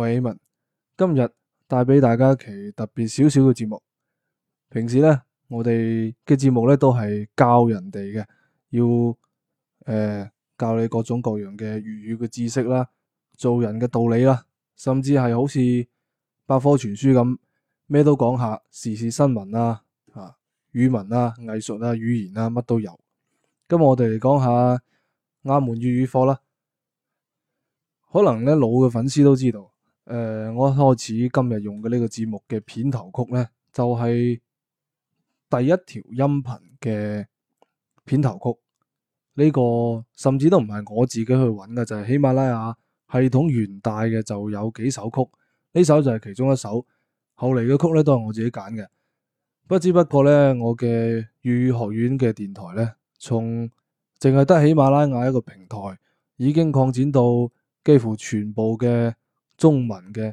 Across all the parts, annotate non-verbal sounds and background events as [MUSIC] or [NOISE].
各位今日帶俾大家一期特別少少嘅節目。平時呢，我哋嘅節目呢都係教人哋嘅，要誒、呃、教你各種各樣嘅粵語嘅知識啦、做人嘅道理啦，甚至係好似百科全書咁，咩都講下時事新聞啦、啊、啊語文啦、啊、藝術啦、語言啦、啊，乜都有。今日我哋嚟講下啱門粵語課啦。可能呢老嘅粉絲都知道。誒、呃，我開始今日用嘅呢個節目嘅片頭曲呢，就係、是、第一條音頻嘅片頭曲。呢、這個甚至都唔係我自己去揾嘅，就係、是、喜馬拉雅系統原帶嘅就有幾首曲，呢首就係其中一首。後嚟嘅曲呢都係我自己揀嘅。不知不覺呢，我嘅粵語學院嘅電台呢，從淨係得喜馬拉雅一個平台，已經擴展到幾乎全部嘅。中文嘅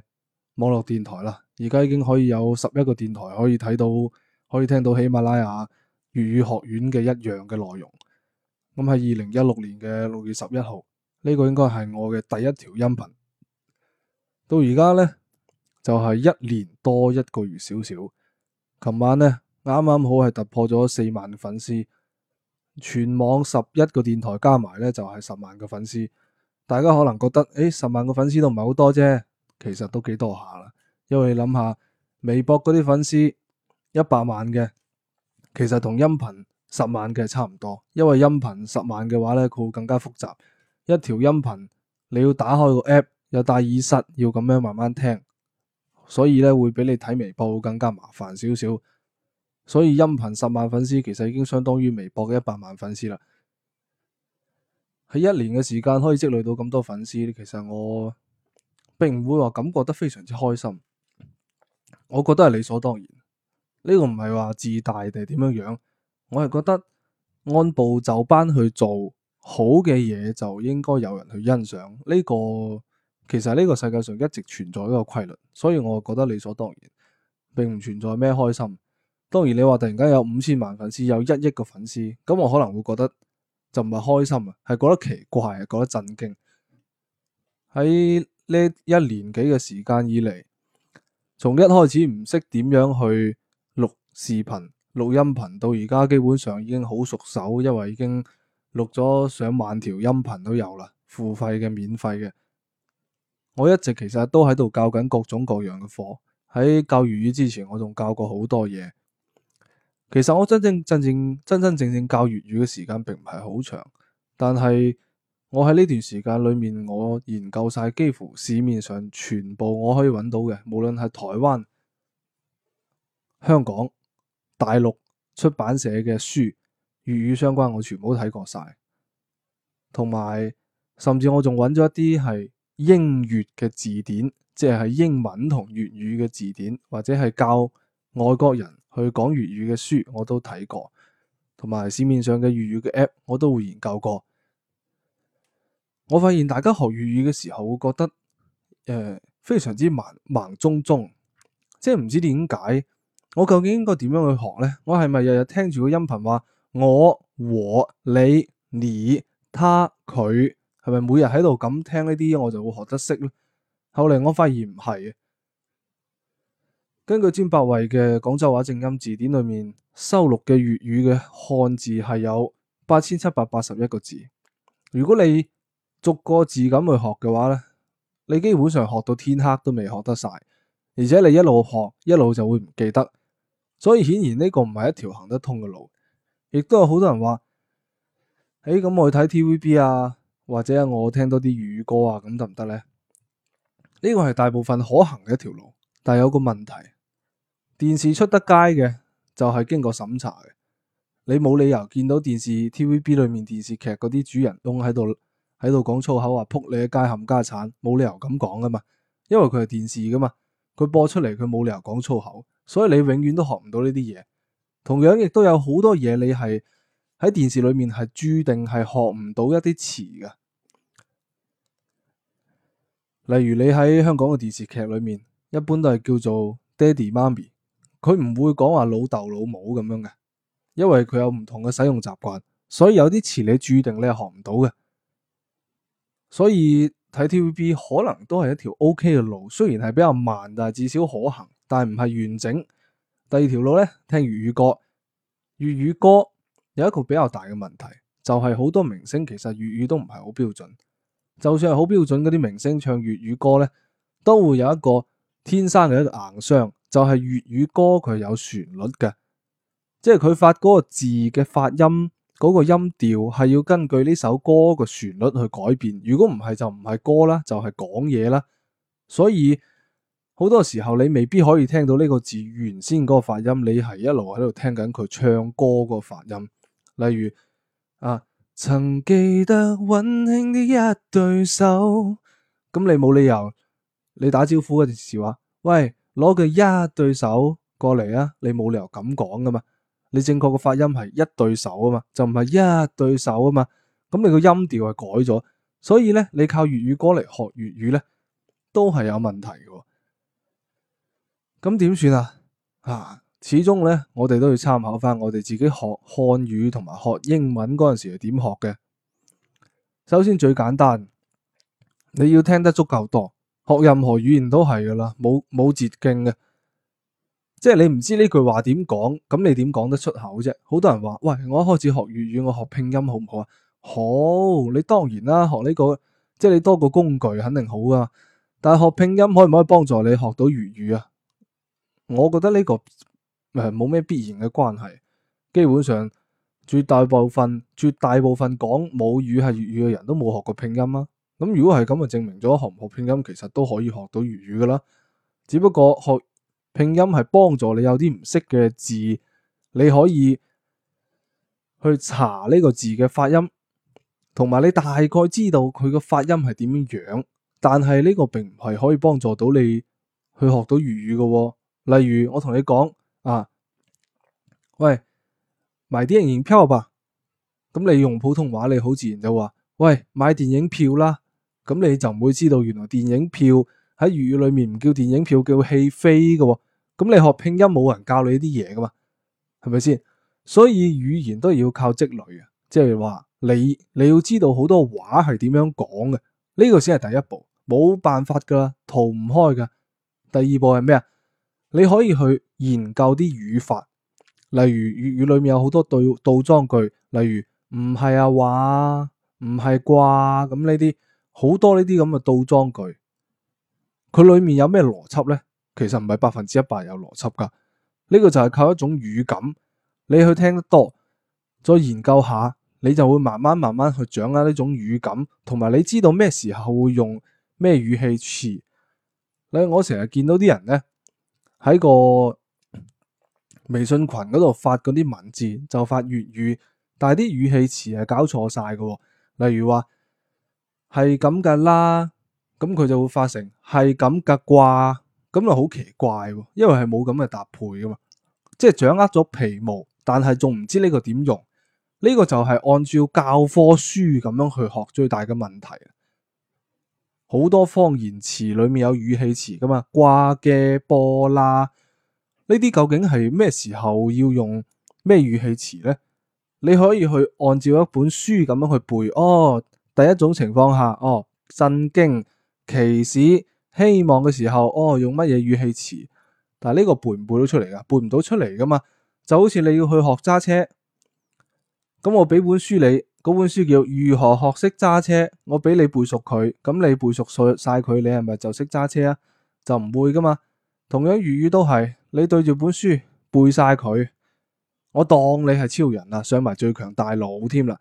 網絡電台啦，而家已經可以有十一個電台可以睇到、可以聽到喜馬拉雅粵語學院嘅一樣嘅內容。咁喺二零一六年嘅六月十一號，呢個應該係我嘅第一條音頻。到而家呢，就係一年多一個月少少。琴晚呢，啱啱好係突破咗四萬粉絲，全網十一個電台加埋呢，就係十萬個粉絲。大家可能覺得，誒，十萬個粉絲都唔係好多啫，其實都幾多下啦。因為你諗下，微博嗰啲粉絲一百萬嘅，其實同音頻十萬嘅差唔多。因為音頻十萬嘅話呢，佢會更加複雜。一條音頻你要打開個 app，又戴耳塞，要咁樣慢慢聽，所以呢會比你睇微博會更加麻煩少少。所以音頻十萬粉絲其實已經相當於微博嘅一百萬粉絲啦。喺一年嘅時間可以積累到咁多粉絲，其實我並唔會話感覺得非常之開心。我覺得係理所當然，呢個唔係話自大地點樣樣，我係覺得按部就班去做好嘅嘢就應該有人去欣賞。呢個其實呢個世界上一直存在一個規律，所以我覺得理所當然，並唔存在咩開心。當然你話突然間有五千萬粉絲，有一億個粉絲，咁我可能會覺得。就唔係開心啊，係覺得奇怪啊，覺得震驚。喺呢一年幾嘅時間以嚟，從一開始唔識點樣去錄視頻、錄音頻，到而家基本上已經好熟手，因為已經錄咗上萬條音頻都有啦，付費嘅、免費嘅。我一直其實都喺度教緊各種各樣嘅課，喺教粵語之前，我仲教過好多嘢。其實我真正真正真真正正教粵語嘅時間並唔係好長，但係我喺呢段時間裏面，我研究晒幾乎市面上全部我可以揾到嘅，無論係台灣、香港、大陸出版社嘅書，粵語相關我全部都睇過晒，同埋甚至我仲揾咗一啲係英語嘅字典，即係英文同粵語嘅字典，或者係教外國人。去講粵語嘅書我都睇過，同埋市面上嘅粵語嘅 app 我都會研究過。我發現大家學粵語嘅時候會覺得誒、呃、非常之盲盲中中，即係唔知點解我究竟應該點樣去學呢？我係咪日日聽住個音頻話我、和、你、你、他、佢係咪每日喺度咁聽呢啲我就會學得識咧？後嚟我發現唔係根據詹伯慧嘅《廣州話正音字典》裏面收錄嘅粵語嘅漢字係有八千七百八十一個字。如果你逐個字咁去學嘅話呢，你基本上學到天黑都未學得晒，而且你一路學一路就會唔記得，所以顯然呢個唔係一條行得通嘅路。亦都有好多人話：誒、欸，咁我去睇 TVB 啊，或者我聽多啲粵語歌啊，咁得唔得呢？呢個係大部分可行嘅一條路，但係有個問題。電視出得街嘅就係、是、經過審查嘅，你冇理由見到電視 TVB 裏面電視劇嗰啲主人翁喺度喺度講粗口，話扑你嘅街冚家鏟，冇理由咁講噶嘛，因為佢係電視噶嘛，佢播出嚟佢冇理由講粗口，所以你永遠都學唔到呢啲嘢。同樣亦都有好多嘢你係喺電視裏面係注定係學唔到一啲詞嘅，例如你喺香港嘅電視劇裏面，一般都係叫做爹哋媽咪。佢唔會講話老豆老母咁樣嘅，因為佢有唔同嘅使用習慣，所以有啲詞你注定你係學唔到嘅。所以睇 TVB 可能都係一條 OK 嘅路，雖然係比較慢，但係至少可行，但係唔係完整。第二條路呢，聽粵語歌。粵語歌有一個比較大嘅問題，就係好多明星其實粵語都唔係好標準。就算係好標準嗰啲明星唱粵語歌呢，都會有一個天生嘅一個硬傷。就係粵語歌，佢有旋律嘅，即係佢發嗰個字嘅發音，嗰個音調係要根據呢首歌個旋律去改變。如果唔係，就唔係歌啦，就係講嘢啦。所以好多時候你未必可以聽到呢個字原先嗰個發音，你係一路喺度聽緊佢唱歌個發音。例如啊，曾記得溫馨的一對手，咁你冇理由你打招呼嗰時話喂。攞佢一對手過嚟啊！你冇理由咁講噶嘛？你正確嘅發音係一對手啊嘛，就唔係一對手啊嘛。咁你個音調係改咗，所以咧你靠粵語歌嚟學粵語咧都係有問題嘅。咁點算啊？啊，始終咧我哋都要參考翻我哋自己學漢語同埋學英文嗰陣時係點學嘅。首先最簡單，你要聽得足夠多。學任何語言都係噶啦，冇冇捷徑嘅。即係你唔知呢句話點講，咁你點講得出口啫？好多人話：喂，我一開始學粵語，我學拼音好唔好啊？好，你當然啦，學呢個即係你多個工具，肯定好啊。但係學拼音可唔可以幫助你學到粵語啊？我覺得呢個誒冇咩必然嘅關係。基本上，絕大部分絕大部分講母語係粵語嘅人都冇學過拼音啊。咁如果係咁，就證明咗學唔學拼音其實都可以學到粵語噶啦。只不過學拼音係幫助你有啲唔識嘅字，你可以去查呢個字嘅發音，同埋你大概知道佢個發音係點樣。但係呢個並唔係可以幫助到你去學到粵語噶哦。例如我同你講啊，喂，買啲電影票吧。咁你用普通話你好自然就話，喂，買電影票啦。咁你就唔會知道，原來電影票喺粵語裏面唔叫電影票，叫戲、哦，叫戲飛嘅。咁你學拼音冇人教你呢啲嘢噶嘛？係咪先？所以語言都係要靠積累啊，即係話你你要知道好多話係點樣講嘅，呢、這個先係第一步，冇辦法噶，逃唔開噶。第二步係咩啊？你可以去研究啲語法，例如粵語裏面有好多倒倒裝句，例如唔係啊話，唔係啩，咁呢啲。好多呢啲咁嘅倒裝句，佢裏面有咩邏輯咧？其實唔係百分之一百有邏輯噶。呢個就係靠一種語感，你去聽得多，再研究下，你就會慢慢慢慢去掌握呢種語感，同埋你知道咩時候會用咩語氣詞。你我成日見到啲人咧喺個微信群嗰度發嗰啲文字，就發粵語，但係啲語氣詞係搞錯晒噶。例如話。係咁噶啦，咁佢就會發成係咁噶掛，咁又好奇怪，因為係冇咁嘅搭配噶嘛，即係掌握咗皮毛，但係仲唔知呢個點用？呢個就係按照教科書咁樣去學最大嘅問題。好多方言詞裏面有語氣詞噶嘛，掛嘅波啦，呢啲究竟係咩時候要用咩語氣詞呢？你可以去按照一本書咁樣去背哦。第一種情況下，哦，震驚、歧視、希望嘅時候，哦，用乜嘢語氣詞？但係呢個背唔背到出嚟噶？背唔到出嚟噶嘛？就好似你要去學揸車，咁我俾本書你，嗰本書叫《如何學識揸車》，我俾你背熟佢，咁你背熟晒佢，你係咪就識揸車啊？就唔會噶嘛？同樣粵語都係，你對住本書背晒佢，我當你係超人啦，上埋最強大腦添啦。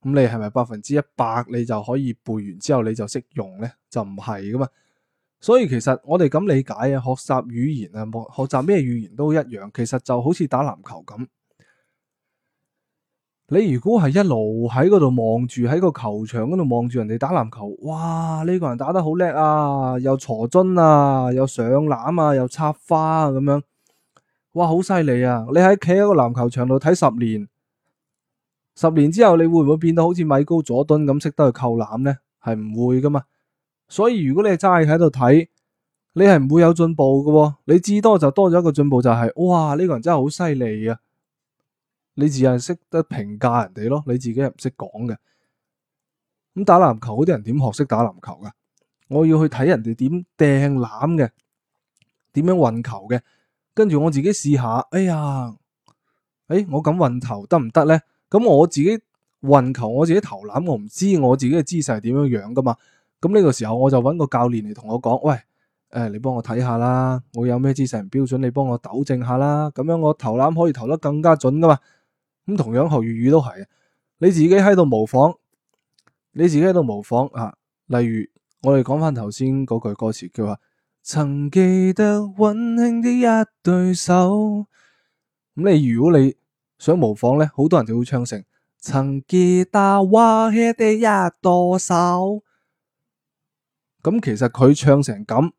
咁你係咪百分之一百你就可以背完之後你就識用呢？就唔係噶嘛。所以其實我哋咁理解啊，學習語言啊，學學習咩語言都一樣。其實就好似打籃球咁，你如果係一路喺嗰度望住喺個球場嗰度望住人哋打籃球，哇！呢個人打得好叻啊，又鋤樽啊，又上籃啊，又插花啊，咁樣，哇，好犀利啊！你喺企喺個籃球場度睇十年。十年之後你會唔會變到好似米高佐敦咁識得去扣籃呢？係唔會噶嘛？所以如果你係齋喺度睇，你係唔會有進步噶喎。你至多就多咗一個進步就係，哇，呢個人真係好犀利啊！你自己識得評價人哋咯，你自己唔識講嘅。咁打籃球嗰啲人點學識打籃球噶？我要去睇人哋點掟籃嘅，點樣運球嘅，跟住我自己試下。哎呀，誒我咁運球得唔得呢？咁我自己運球，我自己投籃，我唔知我自己嘅姿勢係點樣樣噶嘛。咁呢個時候我就揾個教練嚟同我講：喂，誒、呃，你幫我睇下啦，我有咩姿勢唔標準，你幫我糾正下啦。咁樣我投籃可以投得更加準噶嘛。咁同樣學粵語都係，你自己喺度模仿，你自己喺度模仿啊。例如我哋講翻頭先嗰句歌詞，叫話，曾記得温馨的一對手。咁你如果你想模仿咧，好多人就會唱成曾記得，哇係第一多手。咁、嗯、其實佢唱成咁，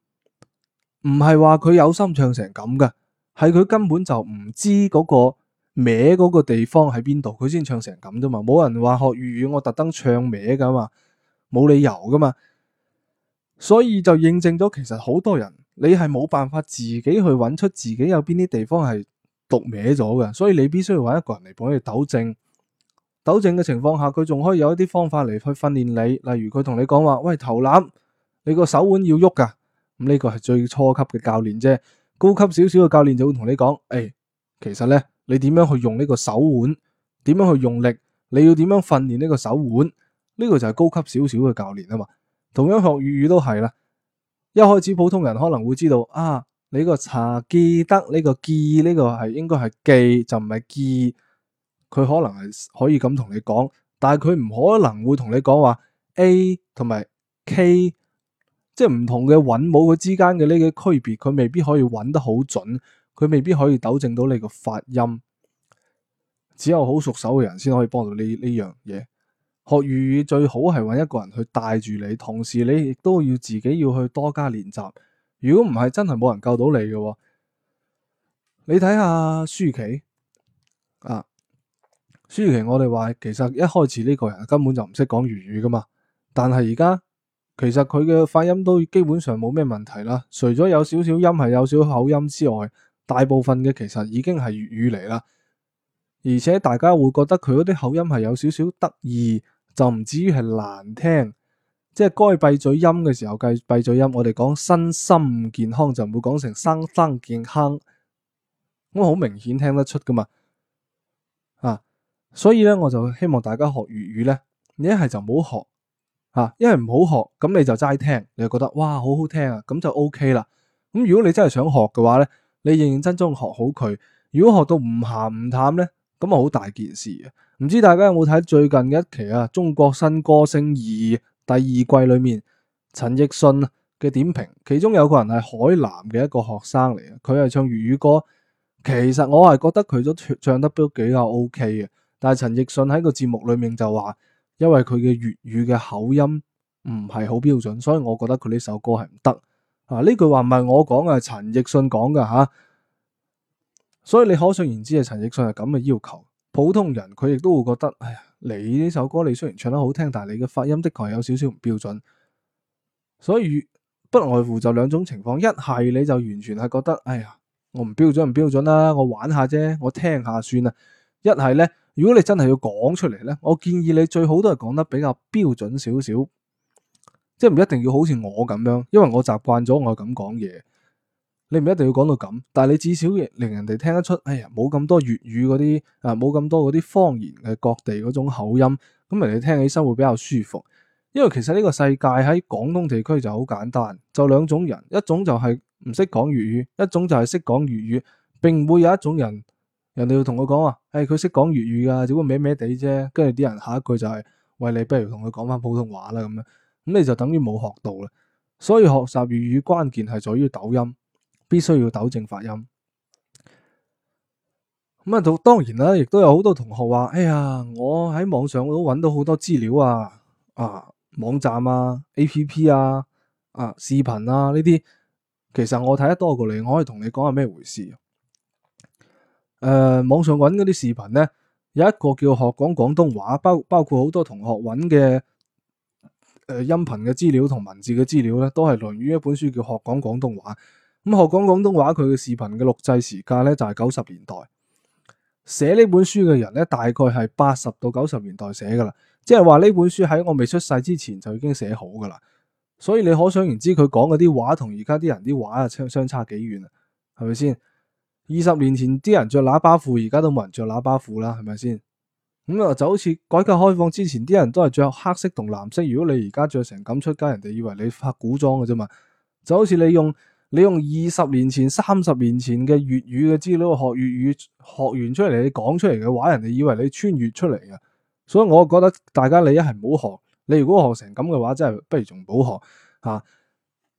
唔係話佢有心唱成咁噶，係佢根本就唔知嗰個歪嗰個地方喺邊度，佢先唱成咁啫嘛。冇人話學粵語我特登唱歪噶嘛，冇理由噶嘛。所以就印證咗，其實好多人你係冇辦法自己去揾出自己有邊啲地方係。讀歪咗嘅，所以你必須要揾一個人嚟幫你糾正。糾正嘅情況下，佢仲可以有一啲方法嚟去訓練你，例如佢同你講話：，喂，投籃，你個手腕要喐噶。咁呢個係最初級嘅教練啫。高級少少嘅教練就會同你講：，誒，其實呢，你點樣去用呢個手腕？點樣去用力？你要點樣訓練呢個手腕？呢個就係高級少少嘅教練啊嘛。同樣學粵語都係啦。一開始普通人可能會知道啊。你個查記得呢、這個記呢、這個係應該係記就唔係記，佢可能係可以咁同你講，但係佢唔可能會同你講話 A 同埋 K，即係唔同嘅韻母，佢之間嘅呢個區別，佢未必可以揾得好準，佢未必可以糾正到你個發音。只有好熟手嘅人先可以幫到呢呢樣嘢。學粵語最好係揾一個人去帶住你，同時你亦都要自己要去多加練習。如果唔係真係冇人救到你嘅，你睇下舒淇啊，舒淇，我哋話其實一開始呢個人根本就唔識講粵語噶嘛，但係而家其實佢嘅發音都基本上冇咩問題啦，除咗有少少音係有少少口音之外，大部分嘅其實已經係粵語嚟啦，而且大家會覺得佢嗰啲口音係有少少得意，就唔至於係難聽。即係該閉嘴音嘅時候，計閉嘴音。我哋講身心健康就唔會講成生生健康咁，好明顯聽得出噶嘛啊。所以咧，我就希望大家學粵語咧，你一係就唔好學啊，一係唔好學咁，你就齋聽，你就覺得哇好好聽啊，咁就 O K 啦。咁如果你真係想學嘅話咧，你認認真真學好佢。如果學到唔鹹唔淡咧，咁啊好大件事啊。唔知大家有冇睇最近一期啊《中國新歌聲二》？第二季裏面陳奕迅嘅點評，其中有個人係海南嘅一個學生嚟嘅，佢係唱粵語歌，其實我係覺得佢都唱得都比較 OK 嘅，但係陳奕迅喺個節目裏面就話，因為佢嘅粵語嘅口音唔係好標準，所以我覺得佢呢首歌係唔得啊。呢句話唔係我講嘅，係陳奕迅講嘅吓，所以你可想而知係陳奕迅係咁嘅要求，普通人佢亦都會覺得，哎呀。你呢首歌你雖然唱得好聽，但係你嘅發音的確有少少唔標準，所以不外乎就兩種情況：一係你就完全係覺得，哎呀，我唔標準唔標準啦、啊，我玩下啫，我聽下算啦；一係呢，如果你真係要講出嚟呢，我建議你最好都係講得比較標準少少，即係唔一定要好似我咁樣，因為我習慣咗我咁講嘢。你唔一定要講到咁，但係你至少亦令人哋聽得出，哎呀，冇咁多粵語嗰啲啊，冇咁多嗰啲方言嘅各地嗰種口音，咁人哋聽起身會比較舒服。因為其實呢個世界喺廣東地區就好簡單，就兩種人，一種就係唔識講粵語，一種就係識講粵語。並唔會有一種人，人哋要同佢講話，誒、哎，佢識講粵語㗎，只會咩咩地啫。跟住啲人下一句就係、是，喂，你不如同佢講返普通話啦咁樣，咁你就等於冇學到啦。所以學習粵語,語關鍵係在於抖音。必須要糾正發音。咁啊，當然啦，亦都有好多同學話：哎呀，我喺網上都搵到好多資料啊、啊網站啊、A P P 啊、啊視頻啊呢啲。其實我睇得多過你，我可以同你講下咩回事。誒、呃，網上搵嗰啲視頻呢，有一個叫學講廣東話，包括包括好多同學搵嘅誒音頻嘅資料同文字嘅資料呢，都係來源於一本書叫學講廣東話。咁學講廣東話佢嘅視頻嘅錄製時間咧就係九十年代，寫呢本書嘅人咧大概係八十到九十年代寫噶啦，即係話呢本書喺我未出世之前就已經寫好噶啦，所以你可想然知可想而知，佢講嗰啲話同而家啲人啲話啊相相差幾遠啊，係咪先？二十年前啲人着喇叭褲，而家都冇人着喇叭褲啦，係咪先？咁啊就好似改革開放之前啲人都係着黑色同藍色，如果你而家着成咁出街，人哋以為你拍古裝嘅啫嘛，就好似你用。你用二十年前、三十年前嘅粵語嘅資料學粵語，學完出嚟你講出嚟嘅話，人哋以為你穿越出嚟嘅，所以我覺得大家你一係唔好學，你如果學成咁嘅話，真係不如仲唔好學吓。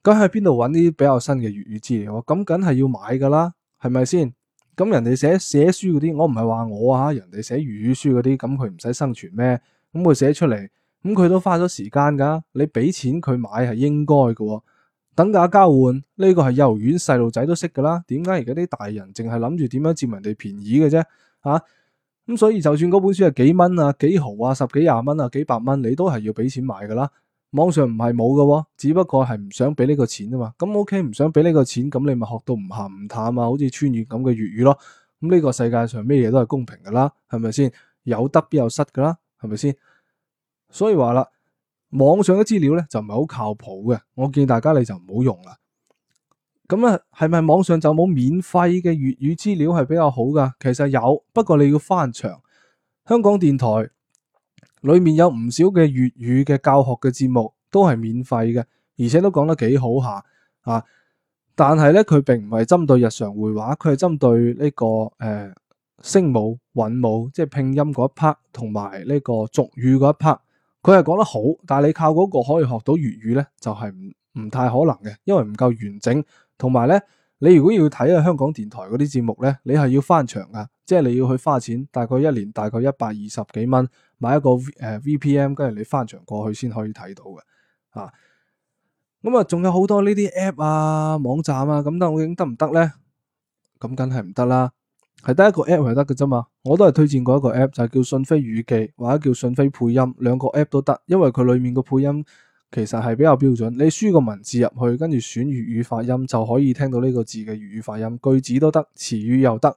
咁喺邊度揾啲比較新嘅粵語資料？咁梗係要買噶啦，係咪先？咁人哋寫寫書嗰啲，我唔係話我啊，人哋寫粵語書嗰啲，咁佢唔使生存咩？咁佢寫出嚟，咁佢都花咗時間噶，你俾錢佢買係應該嘅。哦。等價交換呢個係幼兒園細路仔都識噶啦，點解而家啲大人淨係諗住點樣佔人哋便宜嘅啫？吓、啊、咁所以就算嗰本書係幾蚊啊、幾毫啊、十幾廿蚊啊、幾百蚊，你都係要俾錢買噶啦。網上唔係冇噶，只不過係唔想俾呢個錢啊嘛。咁 OK，唔想俾呢個錢，咁你咪學到唔咸唔淡啊，好似穿越咁嘅粵語咯。咁呢個世界上咩嘢都係公平噶啦，係咪先？有得必有失噶啦，係咪先？所以話啦。網上嘅資料咧就唔係好靠譜嘅，我建議大家你就唔好用啦。咁啊，係咪網上就冇免費嘅粵語資料係比較好㗎？其實有，不過你要翻牆。香港電台裏面有唔少嘅粵語嘅教學嘅節目都係免費嘅，而且都講得幾好下啊。但係咧，佢並唔係針對日常會話，佢係針對呢、這個誒、呃、聲母、韻母，即係拼音嗰一 part，同埋呢個俗語嗰一 part。佢係講得好，但係你靠嗰個可以學到粵語咧，就係唔唔太可能嘅，因為唔夠完整。同埋咧，你如果要睇啊香港電台嗰啲節目咧，你係要翻牆噶，即係你要去花錢，大概一年大概一百二十幾蚊買一個誒、呃、VPM，跟住你翻牆過去先可以睇到嘅。啊，咁啊，仲有好多呢啲 app 啊、網站啊，咁究竟得唔得咧？咁梗係唔得啦。係得一個 app 係得嘅啫嘛，我都係推薦過一個 app，就係叫訊飛語記或者叫訊飛配音，兩個 app 都得，因為佢裏面個配音其實係比較標準。你輸個文字入去，跟住選粵語發音就可以聽到呢個字嘅粵語發音，句子都得，詞語又得。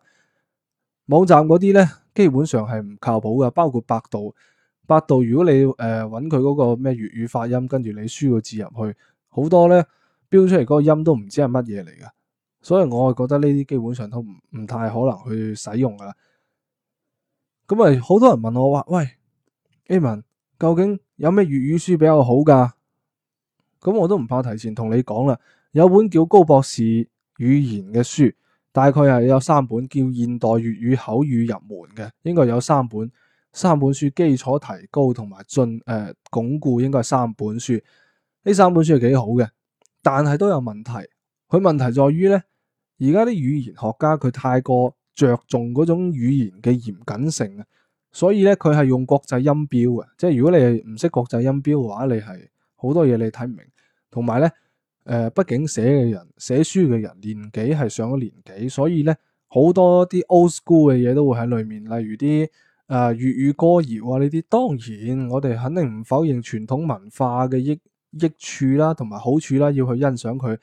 網站嗰啲咧，基本上係唔靠譜噶，包括百度，百度如果你誒揾佢嗰個咩粵語發音，跟住你輸個字入去，好多咧標出嚟嗰個音都唔知係乜嘢嚟噶。所以我係覺得呢啲基本上都唔唔太可能去使用㗎。咁啊，好多人問我話：喂，Amin，究竟有咩粵語書比較好㗎？咁我都唔怕提前同你講啦。有本叫高博士語言嘅書，大概係有三本叫《現代粵語口語入門》嘅，應該有三本。三本書基礎、提高同埋進、誒、呃、鞏固，應該係三本書。呢三本書係幾好嘅，但係都有問題。佢問題在於呢。而家啲語言學家佢太過着重嗰種語言嘅嚴謹性啊，所以咧佢係用國際音標啊，即係如果你係唔識國際音標嘅話，你係好多嘢你睇唔明。同埋咧，誒、呃，畢竟寫嘅人、寫書嘅人年紀係上咗年紀，所以咧好多啲 old school 嘅嘢都會喺裏面，例如啲誒、呃、粵語歌謠啊呢啲。當然，我哋肯定唔否認傳統文化嘅益益處啦，同埋好處啦，要去欣賞佢。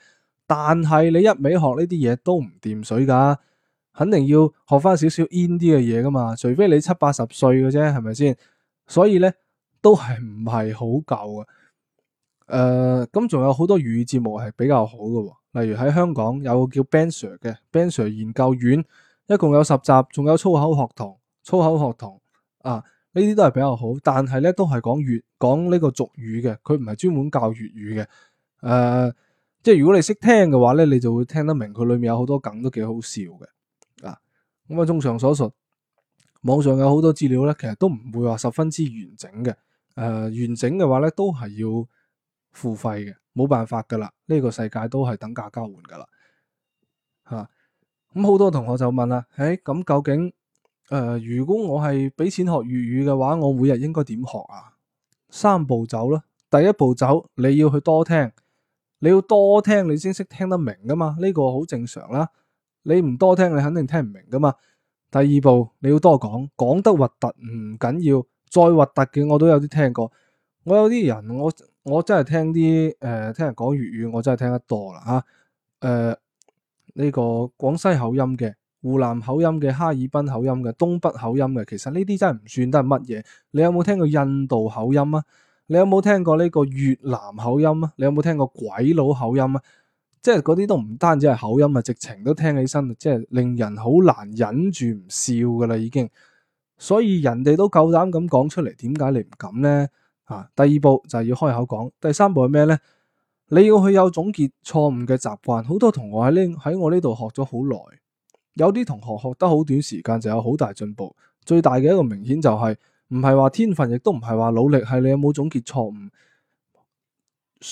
但係你一味學呢啲嘢都唔掂水噶、啊，肯定要學翻少少 in 啲嘅嘢噶嘛，除非你七八十歲嘅啫，係咪先？所以咧都係唔係好夠嘅。誒、呃，咁仲有好多粵語節目係比較好嘅、啊，例如喺香港有個叫 Ben Sir 嘅 Ben Sir 研究院，一共有十集，仲有粗口學堂、粗口學堂啊，呢啲都係比較好。但係咧都係講粵講呢個俗語嘅，佢唔係專門教粵語嘅。誒、呃。即係如果你識聽嘅話咧，你就會聽得明佢裏面有好多梗都幾好笑嘅啊！咁啊，綜上所述，網上有好多資料咧，其實都唔會話十分之完整嘅。誒、呃，完整嘅話咧，都係要付費嘅，冇辦法噶啦。呢個世界都係等價交換噶啦。吓咁好多同學就問啦：誒、哎，咁究竟誒、呃，如果我係俾錢學粵語嘅話，我每日應該點學啊？三步走咯。第一步走，你要去多聽。你要多聽，你先識聽得明噶嘛？呢、呢個好正常啦。你唔多聽，你肯定聽唔明噶嘛。第二步，你要多講，講得核突唔緊要，再核突嘅我都有啲聽過。我有啲人，我我真係聽啲誒、呃，聽人講粵語，我真係聽得多啦。吓、呃，誒、呢、呢個廣西口音嘅、湖南口音嘅、哈爾濱口音嘅、東北口音嘅，其實呢啲真係唔算得係乜嘢。你有冇聽過印度口音啊？你有冇聽過呢個越南口音啊？你有冇聽過鬼佬口音啊？即係嗰啲都唔單止係口音啊，直情都聽起身，即係令人好難忍住唔笑噶啦，已經。所以人哋都夠膽咁講出嚟，點解你唔敢呢？啊，第二步就係要開口講，第三步係咩呢？你要去有總結錯誤嘅習慣。好多同學喺呢喺我呢度學咗好耐，有啲同學學得好短時間就有好大進步。最大嘅一個明顯就係、是。唔係話天分，亦都唔係話努力，係你有冇總結錯誤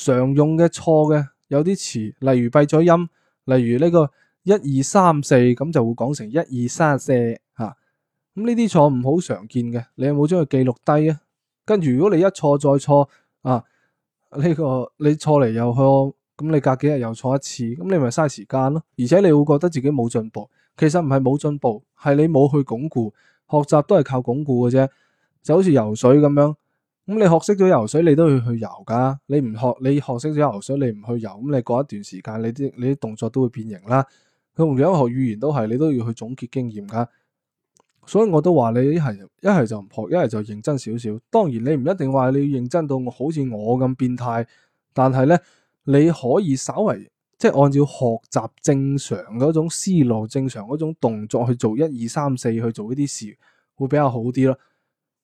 常用嘅、錯嘅有啲詞，例如閉咗音，例如呢個一二三四，咁就會講成一二三四吓。咁呢啲錯誤好常見嘅，你有冇將佢記錄低啊？跟住如果你一錯再錯啊，呢個你錯嚟又去，咁你隔幾日又錯一次，咁你咪嘥時間咯。而且你會覺得自己冇進步，其實唔係冇進步，係你冇去鞏固學習，都係靠鞏固嘅啫。就好似游水咁樣，咁你學識咗游水，你都要去游噶。你唔學，你學識咗游水，你唔去游，咁你過一段時間，你啲你啲動作都會變形啦。佢同如果學語言都係，你都要去總結經驗噶。所以我都話你一係一係就唔學，一係就認真少少。當然你唔一定話你要認真到好我好似我咁變態，但係咧你可以稍微，即係按照學習正常嗰種思路、正常嗰種動作去做一二三四去做呢啲事，會比較好啲咯。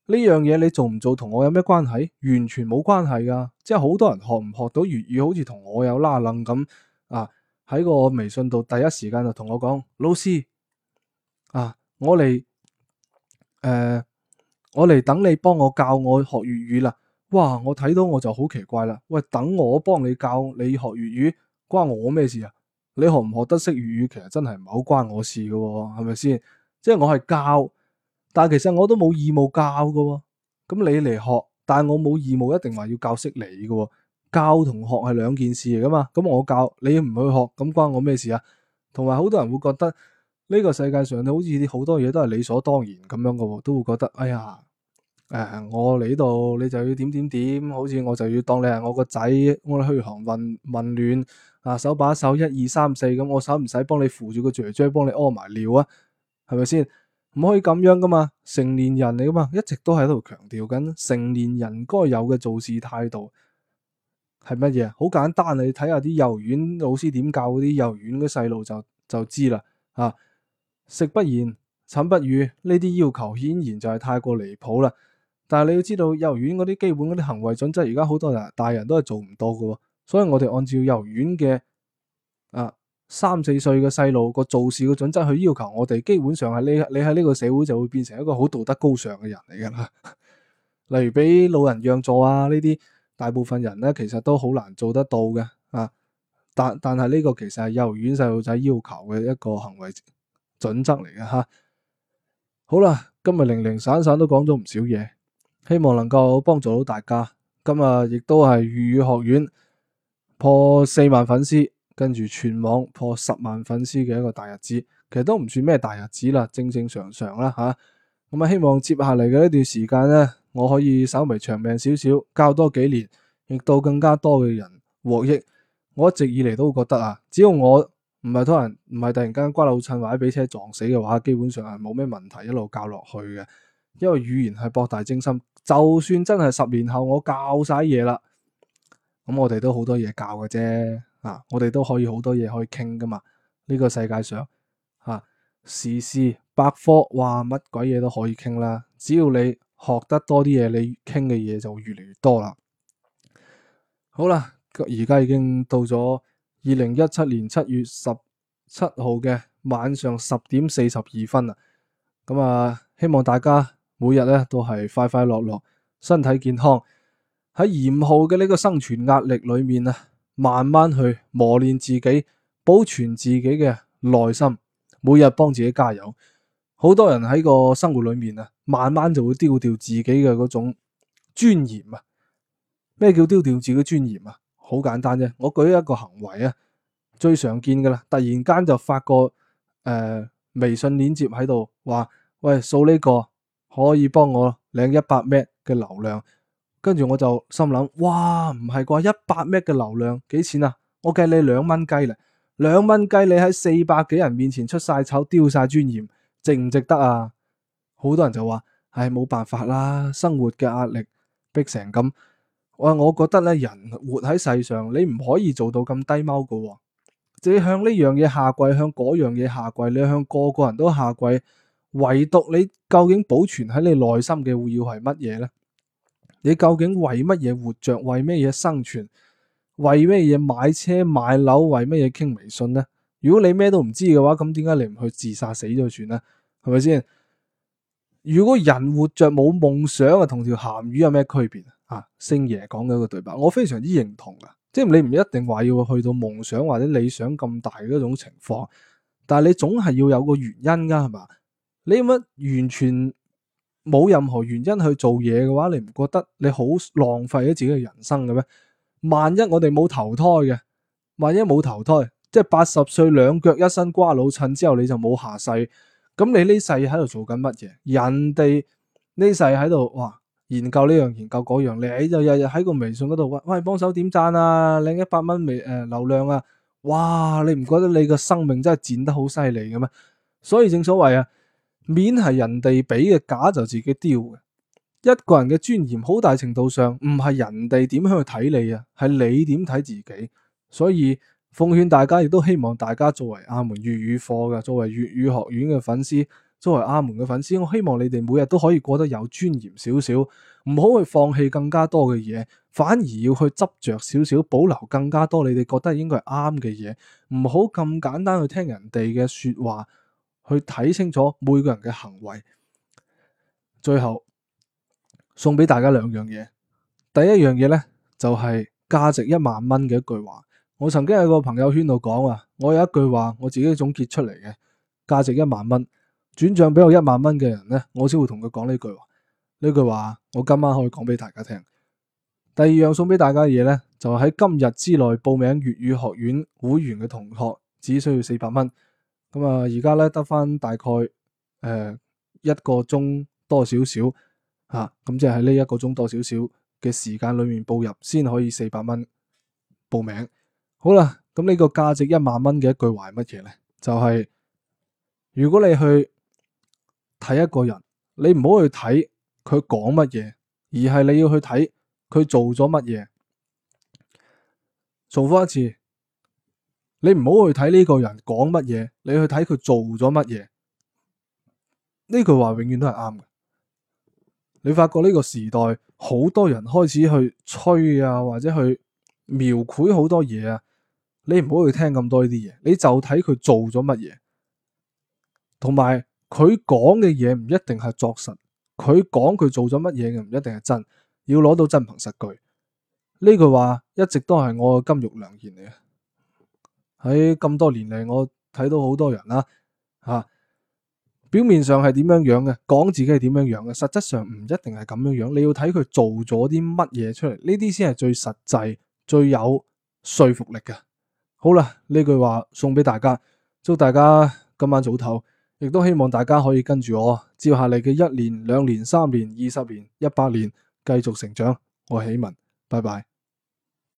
呢樣嘢你做唔做同我有咩關係？完全冇關係噶，即係好多人學唔學到粵語，好似同我有拉楞咁啊！喺個微信度第一時間就同我講，老師啊，我嚟誒、呃，我嚟等你幫我教我學粵語啦！哇，我睇到我就好奇怪啦，喂，等我幫你教你學粵語，關我咩事啊？你學唔學得識粵語，其實真係唔係好關我事噶、哦，係咪先？即係我係教。但其實我都冇義務教嘅喎、哦，咁你嚟學，但係我冇義務一定話要教識你嘅喎、哦，教同學係兩件事嚟㗎嘛，咁我教你唔去學，咁關我咩事啊？同埋好多人會覺得呢、這個世界上你好似好多嘢都係理所當然咁樣嘅喎、哦，都會覺得哎呀，誒、哎、我嚟度你就要點點點，好似我就要當你係我個仔，我哋噓寒問問暖啊，手把手一二三四咁，1, 2, 3, 4, 我使唔使幫你扶住個姐姐，e 幫你屙埋尿啊？係咪先？唔可以咁樣噶嘛，成年人嚟噶嘛，一直都喺度強調緊成年人該有嘅做事態度係乜嘢？好簡單，你睇下啲幼兒園老師點教嗰啲幼兒園嘅細路就就知啦。啊，食不言，寢不語呢啲要求，顯然就係太過離譜啦。但係你要知道，幼兒園嗰啲基本嗰啲行為準則，而家好多人大人都係做唔到噶，所以我哋按照幼兒園嘅。三四歲嘅細路個做事嘅準則，去要求我哋，基本上係你你喺呢個社會就會變成一個好道德高尚嘅人嚟噶啦。 [LAUGHS] 例如俾老人讓座啊呢啲，大部分人咧其實都好難做得到嘅啊。但但係呢個其實係幼兒園細路仔要求嘅一個行為準則嚟嘅吓。好啦，今日零零散散散都講咗唔少嘢，希望能夠幫助到大家。今日亦都係粵語學院破四萬粉絲，跟住全網破十萬粉絲嘅一個大日子，其實都唔算咩大日子啦，正正常常啦吓。咁啊，希望接下嚟嘅呢段時間咧，我可以稍微長命少少，教多幾年，亦到更加多嘅人獲益。我一直以嚟都會覺得啊，只要我唔係拖人唔係突然間瓜老襯或者俾車撞死嘅話，基本上係冇咩問題，一路教落去嘅。因為語言係博大精深，就算真係十年後我教晒嘢啦，咁我哋都好多嘢教嘅啫。啊！我哋都可以好多嘢可以傾噶嘛。呢個世界上，吓、啊、時事百科，哇，乜鬼嘢都可以傾啦！只要你學得多啲嘢，你傾嘅嘢就越嚟越多啦。好啦，而家已經到咗二零一七年七月十七號嘅晚上十點四十二分啦。咁啊，希望大家每日咧都係快快樂樂，身體健康。喺嚴浩嘅呢個生存壓力裏面啊～慢慢去磨練自己，保存自己嘅耐心，每日幫自己加油。好多人喺個生活裏面啊，慢慢就會丟掉自己嘅嗰種尊嚴啊。咩叫丟掉自己尊嚴啊？好簡單啫，我舉一個行為啊，最常見噶啦，突然間就發個誒、呃、微信鏈接喺度，話喂，掃呢、這個可以幫我領一百 M 嘅流量。跟住我就心諗，哇，唔係啩？一百 m 嘅流量幾錢啊？我計你兩蚊雞啦，兩蚊雞你喺四百幾人面前出晒醜，丟晒尊嚴，值唔值得啊？好多人就話，唉，冇辦法啦，生活嘅壓力逼成咁。我話我覺得咧，人活喺世上，你唔可以做到咁低踎噶、哦。即向呢樣嘢下跪，向嗰樣嘢下跪，你向個個人都下跪，唯獨你究竟保存喺你內心嘅要係乜嘢咧？你究竟為乜嘢活着？為咩嘢生存？為咩嘢買車買樓？為咩嘢傾微信呢？如果你咩都唔知嘅話，咁點解你唔去自殺死就算呢？係咪先？如果人活着冇夢想啊，同條鹹魚有咩區別啊？星爺講嘅一個對白，我非常之認同噶。即係你唔一定話要去到夢想或者理想咁大嘅一種情況，但係你總係要有個原因噶，係嘛？你乜完全？冇任何原因去做嘢嘅話，你唔覺得你好浪費咗自己嘅人生嘅咩？萬一我哋冇投胎嘅，萬一冇投胎，即係八十歲兩腳一身瓜老襯之後，你就冇下世，咁你呢世喺度做緊乜嘢？人哋呢世喺度，哇，研究呢樣研究嗰樣，你就日日喺個微信嗰度，喂，幫手點讚啊，領一百蚊微誒流量啊，哇，你唔覺得你個生命真係剪得好犀利嘅咩？所以正所謂啊。面係人哋俾嘅，假就自己丟嘅。一個人嘅尊嚴好大程度上唔係人哋點樣去睇你啊，係你點睇自己。所以奉勸大家，亦都希望大家作為阿門粵語課嘅，作為粵語學院嘅粉絲，作為阿門嘅粉絲，我希望你哋每日都可以過得有尊嚴少少，唔好去放棄更加多嘅嘢，反而要去執着少少，保留更加多你哋覺得應該係啱嘅嘢，唔好咁簡單去聽人哋嘅說話，去睇清楚每個人嘅行為，最後送俾大家兩樣嘢。第一樣嘢呢，就係價值一萬蚊嘅一句話。我曾經喺個朋友圈度講啊，我有一句話我自己總結出嚟嘅，價值一萬蚊轉賬俾我一萬蚊嘅人呢，我先會同佢講呢句話。呢句話我今晚可以講俾大家聽。第二樣送俾大家嘅嘢呢，就係喺今日之內報名粵語學院會員嘅同學，只需要四百蚊。咁啊，而家咧，得翻大概誒一個鐘多少少吓，咁即係喺呢一個鐘多少少嘅時間裏面步入先可以四百蚊報名。好啦，咁呢個價值一萬蚊嘅一句話係乜嘢咧？就係如果你去睇一個人，你唔好去睇佢講乜嘢，而係你要去睇佢做咗乜嘢。重複一次。你唔好去睇呢個人講乜嘢，你去睇佢做咗乜嘢。呢句話永遠都係啱嘅。你發覺呢個時代好多人開始去吹啊，或者去描繪好多嘢啊，你唔好去聽咁多呢啲嘢。你就睇佢做咗乜嘢，同埋佢講嘅嘢唔一定係作實。佢講佢做咗乜嘢嘅唔一定係真，要攞到真憑實據。呢句話一直都係我嘅金玉良言嚟嘅。喺咁、哎、多年嚟，我睇到好多人啦，吓、啊、表面上係點樣樣嘅，講自己係點樣樣嘅，實質上唔一定係咁樣樣。你要睇佢做咗啲乜嘢出嚟，呢啲先係最實際、最有說服力嘅。好啦，呢句話送俾大家，祝大家今晚早唞，亦都希望大家可以跟住我，接下嚟嘅一年、兩年、三年、二十年、一百年，繼續成長。我係喜文，拜拜。